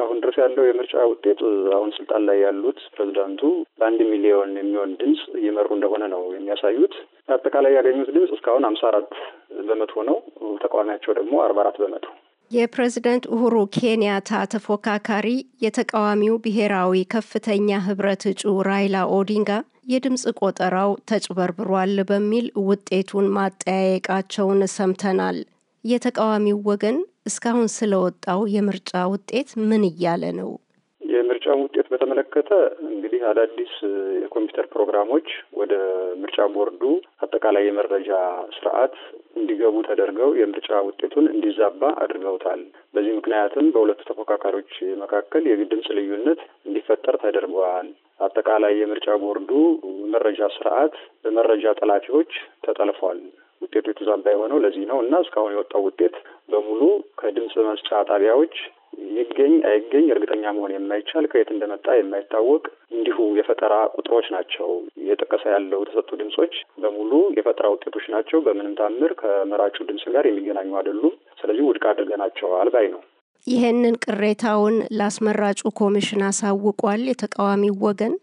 እስካሁን ድረስ ያለው የምርጫ ውጤት አሁን ስልጣን ላይ ያሉት ፕሬዚዳንቱ በአንድ ሚሊዮን የሚሆን ድምፅ እየመሩ እንደሆነ ነው የሚያሳዩት። አጠቃላይ ያገኙት ድምፅ እስካሁን አምሳ አራት በመቶ ነው። ተቃዋሚያቸው ደግሞ አርባ አራት በመቶ። የፕሬዝደንት ኡሁሩ ኬንያታ ተፎካካሪ የተቃዋሚው ብሔራዊ ከፍተኛ ህብረት እጩ ራይላ ኦዲንጋ የድምፅ ቆጠራው ተጭበርብሯል በሚል ውጤቱን ማጠያየቃቸውን ሰምተናል። የተቃዋሚው ወገን እስካሁን ስለወጣው የምርጫ ውጤት ምን እያለ ነው? የምርጫውን ውጤት በተመለከተ እንግዲህ አዳዲስ የኮምፒውተር ፕሮግራሞች ወደ ምርጫ ቦርዱ አጠቃላይ የመረጃ ስርዓት እንዲገቡ ተደርገው የምርጫ ውጤቱን እንዲዛባ አድርገውታል። በዚህ ምክንያትም በሁለቱ ተፎካካሪዎች መካከል የድምፅ ልዩነት እንዲፈጠር ተደርገዋል። አጠቃላይ የምርጫ ቦርዱ መረጃ ስርዓት በመረጃ ጠላፊዎች ተጠልፏል። ውጤቱ የተዛባ የሆነው ለዚህ ነው እና እስካሁን የወጣው ውጤት በሙሉ ከድምፅ መስጫ ጣቢያዎች ይገኝ አይገኝ እርግጠኛ መሆን የማይቻል ከየት እንደመጣ የማይታወቅ እንዲሁ የፈጠራ ቁጥሮች ናቸው። እየጠቀሰ ያለው የተሰጡ ድምጾች በሙሉ የፈጠራ ውጤቶች ናቸው። በምንም ታምር ከመራጩ ድምፅ ጋር የሚገናኙ አይደሉም። ስለዚህ ውድቅ አድርገናቸዋል ባይ ነው። ይህንን ቅሬታውን ለአስመራጩ ኮሚሽን አሳውቋል የተቃዋሚው ወገን።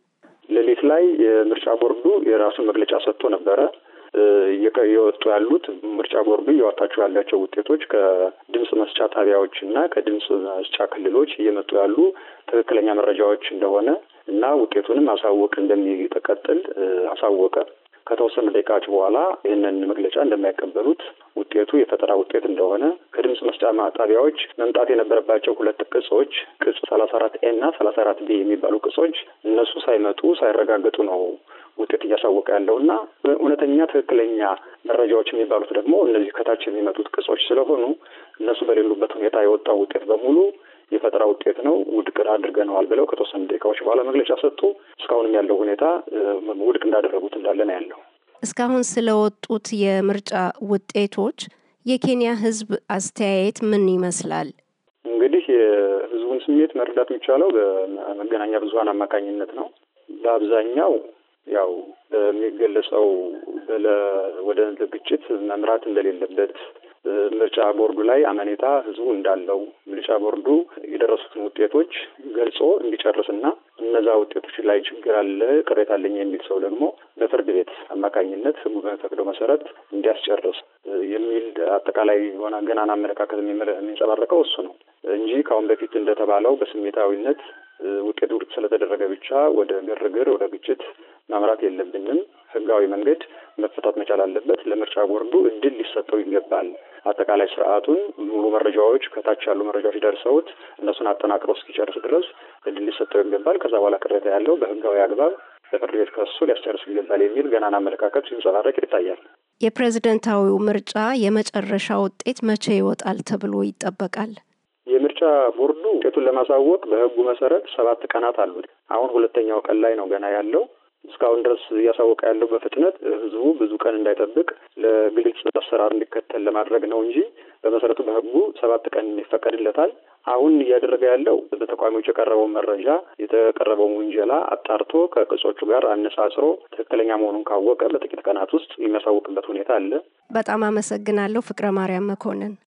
ሌሊት ላይ የምርጫ ቦርዱ የራሱን መግለጫ ሰጥቶ ነበረ። እየወጡ ያሉት ምርጫ ቦርዱ እያወጣቸው ያላቸው ውጤቶች ከድምፅ መስጫ ጣቢያዎች እና ከድምፅ መስጫ ክልሎች እየመጡ ያሉ ትክክለኛ መረጃዎች እንደሆነ እና ውጤቱንም አሳወቅ እንደሚቀጥል አሳወቀ። ከተወሰኑ ደቂቃዎች በኋላ ይህንን መግለጫ እንደማይቀበሉት ውጤቱ የፈጠራ ውጤት እንደሆነ ከድምፅ መስጫ ጣቢያዎች መምጣት የነበረባቸው ሁለት ቅጾች ቅጽ ሰላሳ አራት ኤ እና ሰላሳ አራት ቢ የሚባሉ ቅጾች እነሱ ሳይመጡ ሳይረጋገጡ ነው ውጤት እያሳወቀ ያለው እና እውነተኛ ትክክለኛ መረጃዎች የሚባሉት ደግሞ እነዚህ ከታች የሚመጡት ቅጾች ስለሆኑ እነሱ በሌሉበት ሁኔታ የወጣው ውጤት በሙሉ የፈጠራ ውጤት ነው፣ ውድቅ አድርገነዋል ብለው ከተወሰኑ ደቂቃዎች በኋላ መግለጫ ሰጡ። እስካሁንም ያለው ሁኔታ ውድቅ እንዳደረጉት እንዳለ ነው ያለው። እስካሁን ስለወጡት የምርጫ ውጤቶች የኬንያ ሕዝብ አስተያየት ምን ይመስላል? እንግዲህ የሕዝቡን ስሜት መረዳት የሚቻለው በመገናኛ ብዙኃን አማካኝነት ነው። በአብዛኛው ያው በሚገለጸው ወደ ግጭት መምራት እንደሌለበት ምርጫ ቦርዱ ላይ አመኔታ ህዝቡ እንዳለው ምርጫ ቦርዱ የደረሱትን ውጤቶች ገልጾ እንዲጨርስና እነዛ ውጤቶች ላይ ችግር አለ፣ ቅሬታ አለኝ የሚል ሰው ደግሞ በፍርድ ቤት አማካኝነት ህጉ በሚፈቅደው መሰረት እንዲያስጨርስ የሚል አጠቃላይ የሆነ ገናና አመለካከት የሚንጸባረቀው እሱ ነው እንጂ ከአሁን በፊት እንደተባለው በስሜታዊነት ውጤት ውድቅ ስለተደረገ ብቻ ወደ ግርግር ወደ ግጭት ማምራት የለብንም። ህጋዊ መንገድ መፈታት መቻል አለበት። ለምርጫ ቦርዱ እድል ሊሰጠው ይገባል። አጠቃላይ ስርዓቱን ሙሉ መረጃዎች ከታች ያሉ መረጃዎች ደርሰውት እነሱን አጠናቅሮ እስኪጨርስ ድረስ እድል ሊሰጠው ይገባል። ከዛ በኋላ ቅሬታ ያለው በህጋዊ አግባብ ለፍርድ ቤት ከሱ ሊያስጨርስ ይገባል የሚል ገናን አመለካከት ሲንጸባረቅ ይታያል። የፕሬዝደንታዊው ምርጫ የመጨረሻ ውጤት መቼ ይወጣል ተብሎ ይጠበቃል? የምርጫ ቦርዱ ውጤቱን ለማሳወቅ በህጉ መሰረት ሰባት ቀናት አሉት። አሁን ሁለተኛው ቀን ላይ ነው ገና ያለው እስካሁን ድረስ እያሳወቀ ያለው በፍጥነት ህዝቡ ብዙ ቀን እንዳይጠብቅ ለግልጽ አሰራር እንዲከተል ለማድረግ ነው እንጂ በመሰረቱ በህጉ ሰባት ቀን ይፈቀድለታል። አሁን እያደረገ ያለው በተቃዋሚዎች የቀረበውን መረጃ የተቀረበውን ውንጀላ አጣርቶ ከቅጾቹ ጋር አነጻጽሮ ትክክለኛ መሆኑን ካወቀ በጥቂት ቀናት ውስጥ የሚያሳውቅበት ሁኔታ አለ። በጣም አመሰግናለሁ ፍቅረ ማርያም መኮንን።